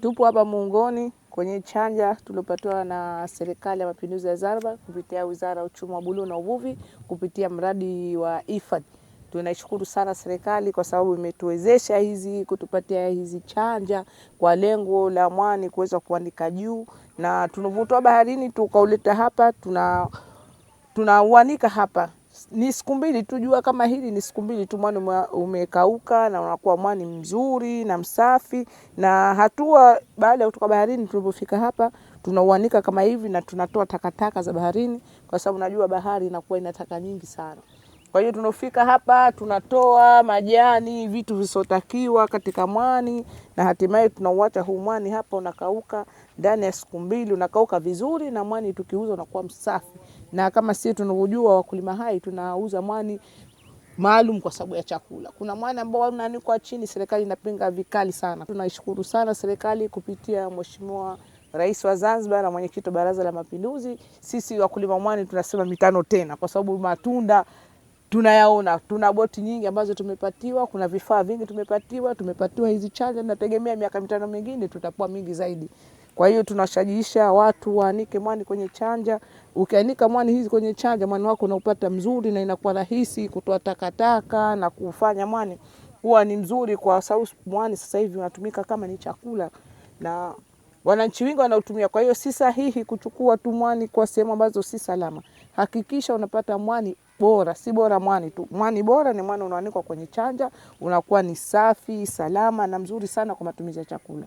Tupo hapa Muungoni kwenye chanja tuliopatiwa na Serikali ya Mapinduzi ya Zanzibar kupitia Wizara ya Uchumi wa Buluu na Uvuvi kupitia mradi wa IFAD. Tunaishukuru sana serikali kwa sababu imetuwezesha hizi kutupatia hizi chanja kwa lengo la mwani kuweza kuandika juu, na tunavutoa baharini tukauleta hapa, tunauanika hapa ni siku mbili tu, jua kama hili ni siku mbili tu, mwani umekauka na unakuwa mwani mzuri na msafi. Na hatua baada ya kutoka baharini, tulipofika hapa tunauanika kama hivi, na tunatoa takataka za baharini, kwa sababu najua bahari inakuwa ina taka nyingi sana. Kwa hiyo tunafika hapa tunatoa majani, vitu visotakiwa katika mwani, na hatimaye tunauacha huu mwani hapa unakauka. Ndani ya siku mbili unakauka vizuri, na mwani tukiuza unakuwa msafi. Na kama sisi tunavyojua, wakulima hai tunauza mwani maalum kwa sababu ya chakula. Kuna mwani ambao unaanikwa chini, serikali inapinga vikali sana. Tunaishukuru sana serikali kupitia Mheshimiwa Rais wa Zanzibar na mwenyekiti wa Baraza la Mapinduzi. Sisi wakulima mwani tunasema mitano tena, kwa sababu matunda tunayaona. Tuna boti nyingi ambazo tumepatiwa, kuna vifaa vingi tumepatiwa, tumepatiwa hizi challenge. Nategemea miaka mitano mingine tutakuwa mingi zaidi. Kwa hiyo tunashajiisha watu waanike mwani kwenye chanja. Ukianika mwani hizi kwenye chanja, mwani wako unaupata mzuri na inakuwa rahisi kutoa takataka na kufanya mwani huwa ni mzuri, kwa sababu mwani sasa hivi unatumika kama ni chakula na wananchi wengi wanaotumia. Kwa hiyo si sahihi kuchukua tu mwani kwa sehemu ambazo si salama. Hakikisha unapata mwani bora, si bora mwani tu. Mwani bora ni mwani unaoanikwa kwenye chanja, unakuwa ni safi, salama na mzuri sana kwa matumizi ya chakula.